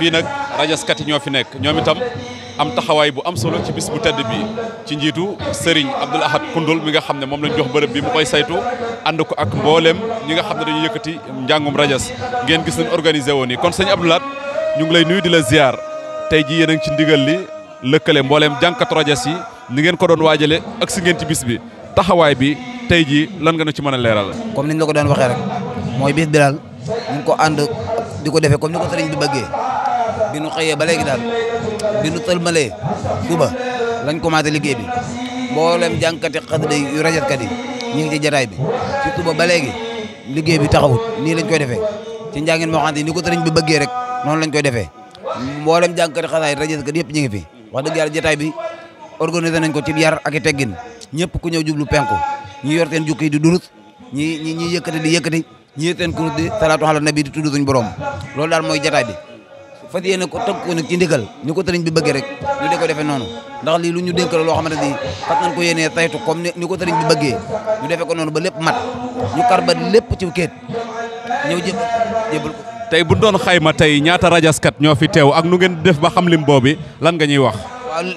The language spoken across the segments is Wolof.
fi nak rajaskat yi ñofi nek nekk itam am taxaway bu am solo ci bis bu tedd bi ci njitu Serigne abdul Ahad kundul mi nga xamne mom lañ jox bërepp bi mu koy saytu and ko ak mbollem ñi nga xamne janggung yëkëti njangum rajas ngeen gis ñu organisé woni kon serigne abdul Ahad ñu ngi lay nuyu di la ziar tay ji yéen ci ndigal li lekkale mbollem jànkatu rajas yi ni ngeen ko doon wajale ak si ngeen ci bis bi taxaway bi tay ji lan nga nu ci mëna léral comme niñ la ko doon waxe rek moy bis bi dal ñu ko and diko defé comme ko bi bëggee bi nu xëyee ba léegi dal bi nu tëlmalee suba lañ maté liggéey bi mbolém jankati xasida yu rajatkat yi ñi ngi ci jataay bi ci tuba ba léegi liggéey bi taxawut ni lañ koy défé ci njàngin mo xam ni ko sëriñ bi bëggé rek non lañ koy mbolém jankati jànkati rajat rajatkat yépp ñi ngi fi wax dëgg yàlla jataay bi organisé nañ ko ci yar ak téggine ñëpp ku ñëw jublu penku ñi yor téen jukki di durut ñi ñi yëkëti di yëkëti ñi téen ku kurus di salatu ala nabi di tuddu suñu borom lool dal moy jataay bi fas ko teg ko nag ci ndigal ni ko tëriñ bi bëggee rek ñu dee ko defee ndax li lu ñu dénk la lo xamante ni nañ ko yéenee taytu comme ni ko bi ñu ko ba lepp mat ñu karba lepp ci kéet ñew jëb jëbul ko tay bu doon xayma tay ñaata kat ño fi tew ak nu ngeen def ba xam lim bobbi lan nga ñuy wax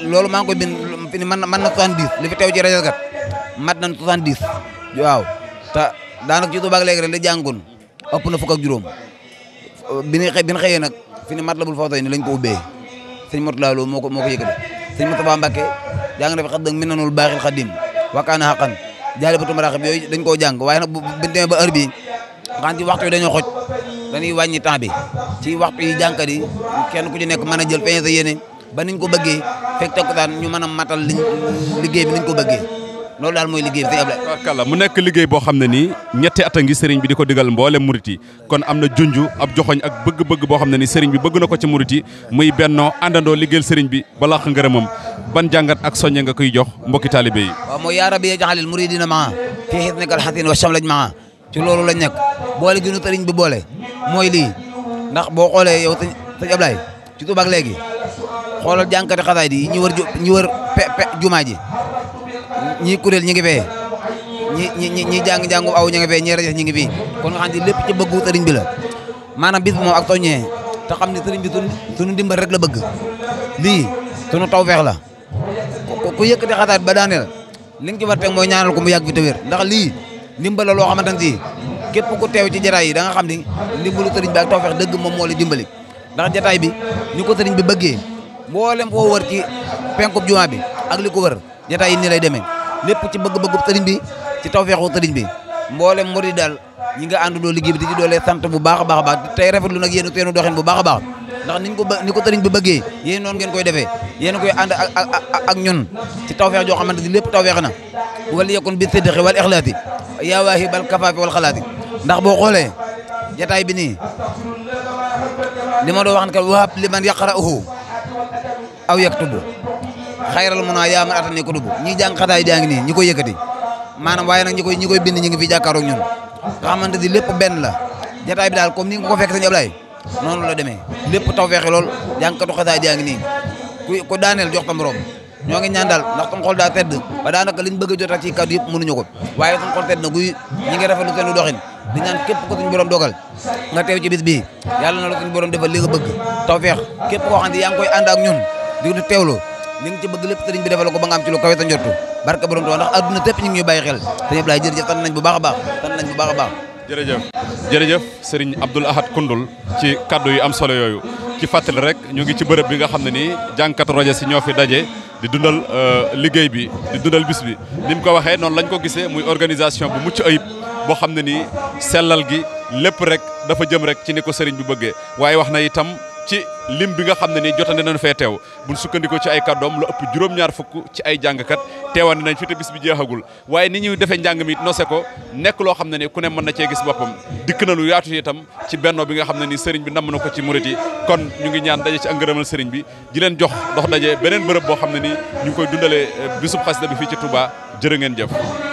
lolu ma ngi koy bind fi ni na na 70 li fi tew ci kat mat nañ 70 ta da nak ci tubaab leg rek la jàngoon ëpp na fuk ak juroom bi bi fi ne Matlabul Fawzayni lañ ko ubbee sëñ Murtala Lo moo ko moo ko yëkkati sëñ Murtala Mbàkke jàng na fi xat dëgg mi nanul baaxil xadim wakkaana xaqan jaali ba tumaraxib yooyu dañ koo jàng waaye nag bu demee ba heure bi nga xam ci waxtu yi dañoo xoj dañuy wàññi temps bi ci waxtu yi jànkat yi kenn ku ci nekk mën a jël feeñ sa yéene ba niñ ko bëggee fekk takkusaan ñu mën a matal liñ liggéey bi niñ ko bëggee loolu daal mooy liggéey bi sëñ Ablaye. kàlla mu nekk liggéey boo xam ne nii ñetti at a ngi sëriñ bi di ko digal mboolem murit yi kon am na junj ab joxoñ ak bëgg-bëgg boo xam ne nii sëriñ bi bëgg na ko ci murit yi muy bennoo àndandoo liggéeyal sëriñ bi balaa xa ngërëmam ban jàngat ak soññe nga koy jox mbokki taalibe yi. waaw mooy yaa rabbi jaxalil muridina maa fii xisnikal xasin wa samlaj maa ci loolu lañ nekk boole gi nu sëriñ bi boole mooy lii ndax boo xoolee yow sëñ Ablaye ci tubaab léegi xoolal jànkati xasaay di ñi wër ñi wër jumaa ji ñi kurel ñi ngi fee ñi ñi ñi jang jangu aw ñi ngi fee ñi ra ñi ngi bi kon nga xandi lepp ci bëggu sëriñ bi la manam bis mo ak toñé ta xamni sëriñ bi sunu sunu dimbal rek la bëgg lii sunu tawfex la ku yëkkati xataat ba daanel li ngi ci war teg mooy ñaanal ko mu yàgg fi tawir ndax li dimbal la loo xamante ne képp ku teew ci jaraay yi da nga xam ne ndimbalu sëriñ bi ak tawfex dëgg moom mo la dimbali ndax jotaay bi ñuko sëriñ bi bëggé mbolem koo wër ci penkup juma bi ak li ko wër jotaay yi nii lay demee lépp ci bëgg-bëggu sëriñ bi ci tawfeexu sëriñ bi mboolem murid daal ñi nga àndandoo liggéey bi di ci doolee sant bu baax a baax a baax tey rafetlu nag yéen seenu doxin bu baax a baax ndax niñ ko ni ko sëriñ bi bëggee yéen noon ngeen koy defee yéen koy ànd ak ak ñun ci tawfeex joo xamante ni lépp tawfeex na wala yakun bi sidqi wal ixlaasi yaa waahibal kafaafi wal xalaati ndax boo xoolee jataay bi nii li ma doon wax ne ka wahab liman yaqra'uhu aw yaktubu xayral mun naa yaa man atani ko dubu ñi jankata yi jaa ngi nii ñi koy yëkkati maanaam waaye nag ñi koy ñi koy bind ñi ngi fi jakkaru ñun nga xamante ni lépp benn la jotaay bi dal comme ni nga ko fekk sëñ Ablaye nonu la démé lepp taw lool jankatu xataay jaa ku ko daanel jox tam rom ñoo ngi ñaan tam xol da tedd ba daanaka liñ bëgg jotta ci kaddu yëpp mënuñu ko waye tam xol tedd na guy ñi ngi lu seen doxine di ñaan képp ko suñu borom dogal nga tew ci bis bi yalla na la suñu borom defal li nga bëgg taw képp koo xam koy and ak ñun di tewlo li nga ci bëgg lépp sëriñ bi defal ko ba nga ci lu kawe ta njortu barka borom ndax adduna tépp ñu ngi ñuy xel sëriñ Ablaye jërëjëf tan nañ bu baax sëriñ Abdoul Ahad Koundoul ci kàddu yi am solo yooyu ci fàttali rek ñu ngi ci bërëb bi nga xam ne nii jàngkatu rajo si ñoo fi daje di dundal euh, liggéey bi di dundal bis bi ni mu ko waxee noonu lañ ko gisee muy organisation bu mucc ayib boo xam ne nii sellal gi lépp rek dafa jëm rek ci ni ko sëriñ bu bëggee waaye wax na itam ci lim bi nga xam ne nii jotande nañu fee teew buñ sukkandikoo ci ay kàddoom la ëpp juróom-ñaar fukk ci ay jàngkat teewande nañ fi te bis bi jeexagul waaye ni ñuy defee njàng mi nose ko nekk loo xam ne ni ku ne mën na cee gis boppam dikk na lu yaatu itam ci bennoo bi nga xam ne nii sëriñ bi namm na ko ci murit yi kon ñu ngi ñaan daje ci ak ngërëmal sëriñ bi di jox dox daje beneen bërëb boo xam ne nii ñu ngi koy dundalee eh, bisub xasida bi fii ci Touba jërë ngeen jëf